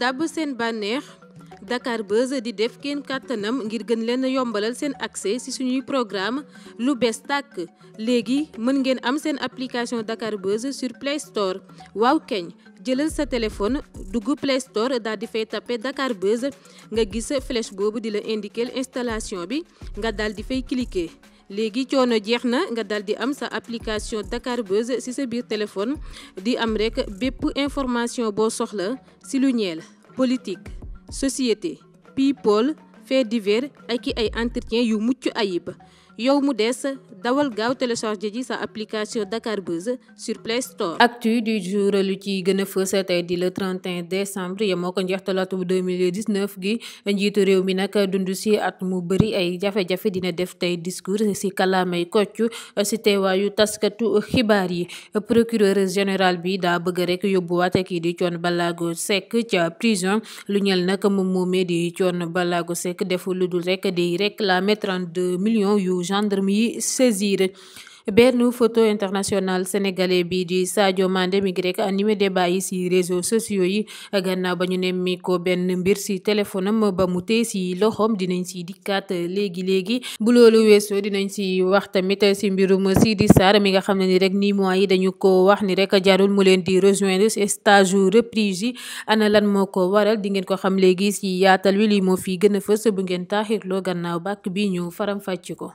dàbb seen bànneex Dakar Buzz di def kenn kàttanam ngir gën leen yombalal seen accès ci suñuy programme lu bees tàkk léegi mën ngeen am seen application Dakar Buzz sur Play Store waaw keñ jëlal sa téléphone dugg Play Store daal di fay tapé Dakar Buzz nga gis flèche boobu di la indiquer installation bi nga daal di fay cliquer. léegi coono jeex na nga dal di am sa application Dakar Buzz ci sa biir téléphone di am rekk bépp information boo soxla ci lu ñeel politique société people faits divers ak i ay entretien yu mucc ayib yow mu des dawal gaaw télécharge ji sa application Dakar Buzz sur Play Store. actu du jour lu ci gën a fës tey di le 31 décembre yemoo ko njeextalaatu 2019 gi njiitu réew mi nag dund si at mu bari ay jafe-jafe dina def tey discours si kàllaamay koc si teewaayu taskatu xibaar yi procureur général bi daa bëgg rek yóbbuwaat kii di Thione Ballago Seck ca prison lu ñel nag moom moomee di Thione Ballago Seck def lu dul rek di réclamer 32 millions gendarme yi saisir benn photo international sénégalais bi di Sadio Mandé mi ngi rek animé débat yi si réseaux sociaux yi gannaaw ba ñu nemmi ko benn mbir si téléphone am ba mu tee si loxoom dinañ si dikkaat léegi léegi bu loolu weesoo dinañ si wax tamit si mbirum Sidi Sarr mi nga xam ne ni rek nii mois yi dañu ko wax ni rek jarul mu leen di rejoindre stage reprise yi ana lan moo ko waral di ngeen ko xam léegi si yaatal wi lii moo fi gën fës bu ngeen taaxirloo gannaaw bàkk bi ñu faram ko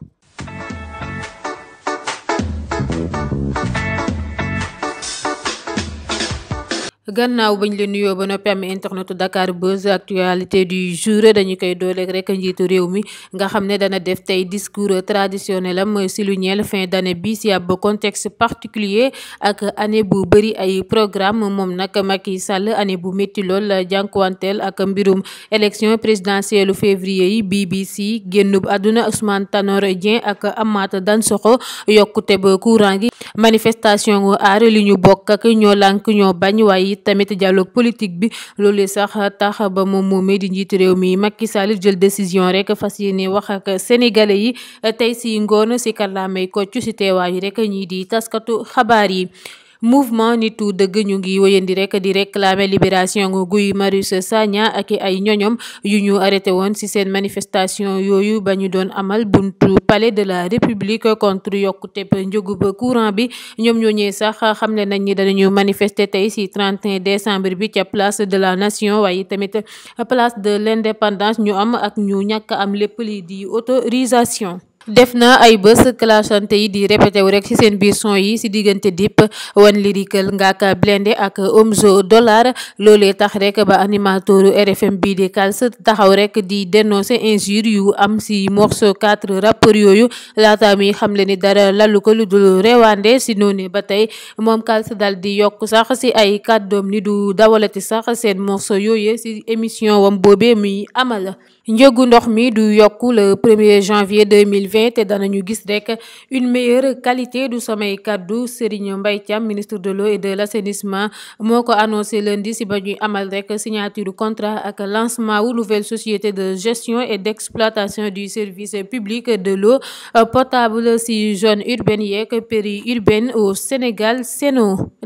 gannaaw bañ leen nuyoo ba noppi am internetu Dakar Buzz actualité du jour dañu koy dooleeg rek njiitu réew mi nga xam ne dana def tey discours traditionnel am si lu ñeel fin d'année bi si ab contexte particulier ak année bu bëri ay programme moom nag Macky Sall année bu métti lool jànkuwanteel ak mbirum élection présidentielle février yi BBC génnub àdduna Ousmane Tanor Dieng ak Amata Dansokho yokkute ba courant gi manifestation aar li ñu bokk ak ñoo it tamit dialogue politique bi loolu sax tax ba moom moomee di njiitu réew mi Macky Sall jël décision rek fas yéene wax ak sénégalais yi tey si ngoon si kàllaamay kocc si teewaayu rek ñii di taskatu xabaar yi. mouvement nitu dëgg ñu ngi wéyandi rek di réclamer libération Guy Marius Sagna ak ay ñoñom yu ñu arrêté woon ci seen manifestation yooyu ba ñu doon amal buntu palais de la république contre yokkute yokkuteb ba courant bi ñoom ñooñee sax xamle nañ ni danañu manifester tey ci 31 décembre bi ca place de la nation waaye tamit place de l'indépendance ñu am ak ñu ñàkk am lépp lii di autorisation def na ay bés clashante yi di répété wu rek ci seen biir son yi ci diggante Dip One Lyrical Ngaaka Blindé ak Omzo Dollar loolee tax rek ba animateur RFM bii di Kals taxaw rek di dénoncer injure yu am ci morceau quatre rappeurs yooyu laata mi xamle ni dara lalu ko lu dul rewaande ci noonu ba tey moom Kals dal di yokk sax ci ay kàddoom ni du dawalati sax seen morceau yooyu ci émission wom boobee muy amal njëgu ndox mi du yokku le premier janvier 2020 dana ñu gis rek une meilleure qualité du sommeil kaddu Serigne mbay Thiam ministre de l'eau et de l'assainissement moo ko annoncé lundi si ba ñuy amal rek signature contrat ak lancement wu nouvelle société de gestion et d'exploitation du service public de l'eau potable si zone urbaine yeeg périurbaine au Sénégal di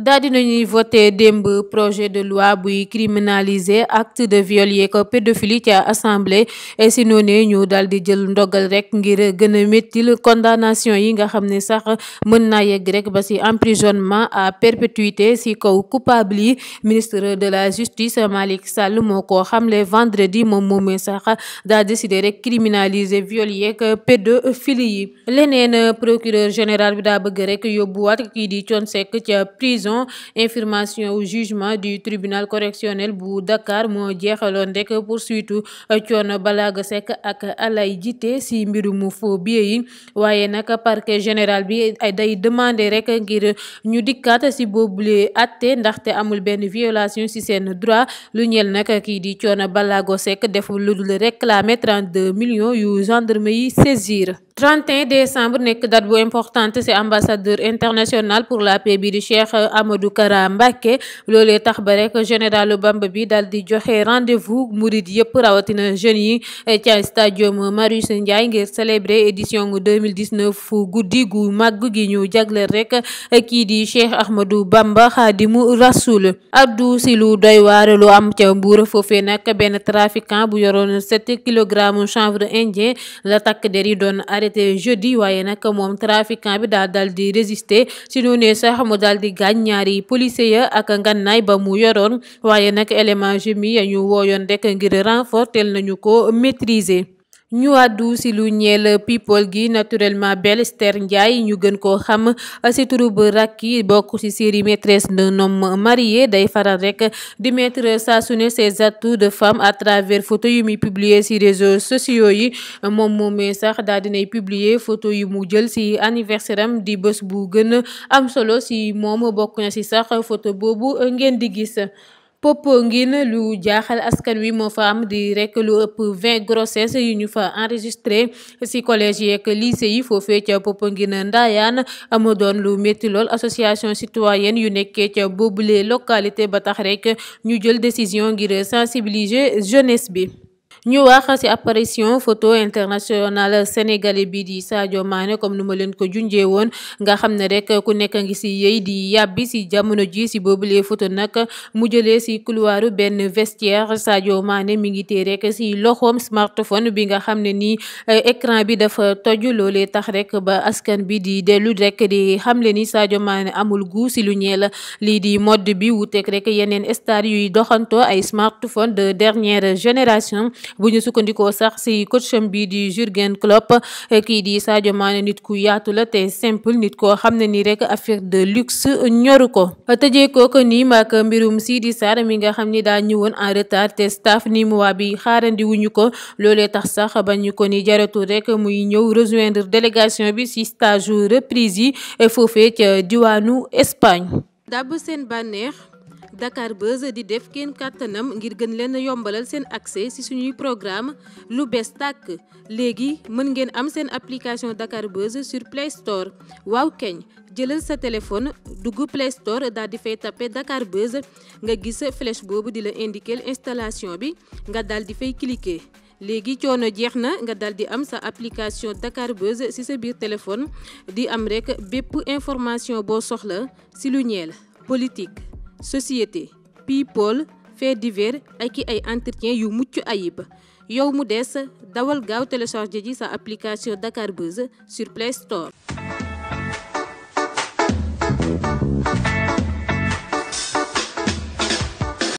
na dinañuy voté démb projet de loi buy criminaliser acte de viol yeeg pédophilie ca assemblée Eh, si noonee ñu daal di jël ndogal rek ngir gën a méttil condamnation yi nga xam ne sax mën naa yegg rek ba si emprisonnement à perpétuité si kaw coupable yi ministre de la justice Malick Sall moo ko xamle vendredi moom moomee sax daa décidé rek criminaliser viol yeeg pédophilie yi leneen euh, procureur général bi daa bëgg rek yóbbuwaat kii di Thione Seck ca prison information au jugement du tribunal correctionnel bu Dakar moo jeexaloon rek poursuite euh, Thione Balago Seck ak Alay jiite si mbirum faux billets yi waaye nag parquet général bi day demander rek ngir ñu dikkaat si boobule atte ndaxte amul benn violation si seen droit lu ñeel nag kii di Thione Balago Seck deful lu dul réclamer 32 millions yu gendarme yi saisir 31 décembre nekk date bu importante ci ambassadeur international pour la paix bi di Cheikh Amadou Kara Mbacké loolee tax ba rek général Bamba bi daal di joxe rendez-vous murid yëpp rawatina jeunes yi eh, ca stadium Marius Ndiaye ngir célébrer édition 2019 fu guddi gu màgg gi ñu jagleel rek eh, kii di Cheikh Ahmadou Bamba Xaadimu Rasul addu si lu doy waar lu am ca Mbuur foofee nag benn trafiquant bu yoroon 7 kilogramme chanvre indien la takk der yi doon arrêté jeudi waaye nag moom trafiquant bi daal dal di résister si nu sax mu daal di gaañ ñaari policier ya ak ngannaay ba mu yoroon waaye nag élément jemi ya ñu wooyoon rek ngir renfort teel nañu ko maîtriser ñu àddu si lu ñeel people gi naturellement Belle Esther Ndiaye ñu gën koo xam si turub Racky bokk si série maîtresse d'un homme marié day faral rek di mettre saa su ne ses atouts de femme à travers photo yu muy publier si réseaux sociaux yi moom moomee sax daal dinay publier photo yu mu jël si anniversaire am di bés bu gën a am solo si moom bokk na si sax photo boobu ngeen di gis Popenguine lu jaaxal askan wi moo fa am di rek lu ëpp 20 grossesse yu ñu fa enregistré si collège yeeg lycée yi foofee ca Popenguine ndaayaan mu doon lu métti lool association citoyenne yu nekkee ca boobule localité ba tax rek ñu jël décision ngir sensibiliser jeunesse bi. ñu wax ci apparition photo international sénégalais bi di Sadio Mané comme nu ma leen ko junjee woon nga xam ne rek ku nekk ngi ci yëy di yàbbi ci jamono ji ci boobulee photo nag mu jëlee ci couloiru benn vestiaire Sadio Mané mi ngi tee rekk ci loxoom smartphone bi nga xam ne nii eh, écran bi dafa toj loolee tax rek ba askan bi di dellu rekk di xam xamle ni Sadio Mané amul gu si lu la lii di mode bi wuuteeg rek yeneen star yuy doxantoo ay smartphone de dernière génération bu ñu sukkandikoo sax si coacham bi di Jurgen Klopp kii di Sadio Mané nit ku yaatu la te simple nit koo xam ne nii rek affaire de luxe ñoru ko tëjee ko ko nii maak mbirum Sidi Sarr mi nga xam ni daa ñëwoon en retard te staff ni mu waa bi xaarandi wuñu ko loolee tax sax bañu ko ni jaratul rek muy ñëw rejoindre délégation bi si stage reprise yi foofee ca diwaanu Espagne. dab seen bànneex Dakar Buzz di def kenn kàttanam ngir gën leen yombalal seen accès ci suñuy programme lu bees tàkk léegi mën ngeen am seen application Dakar Buzz sur Play Store waaw keñ jëlal sa téléphone dugg Play Store daal di fay tapé Dakar Buzz nga gis flèche boobu di la indiquer installation bi nga daal di fay cliquer. léegi coono jeex na nga daal di am sa application Dakar Buzz ci sa biir téléphone di am rekk bépp information boo soxla ci lu ñeel politique société people faits divers ak i ay entretien yu mucc ayib yow mu des dawal gaaw téléchargé ji sa application Dakar Buzz sur Play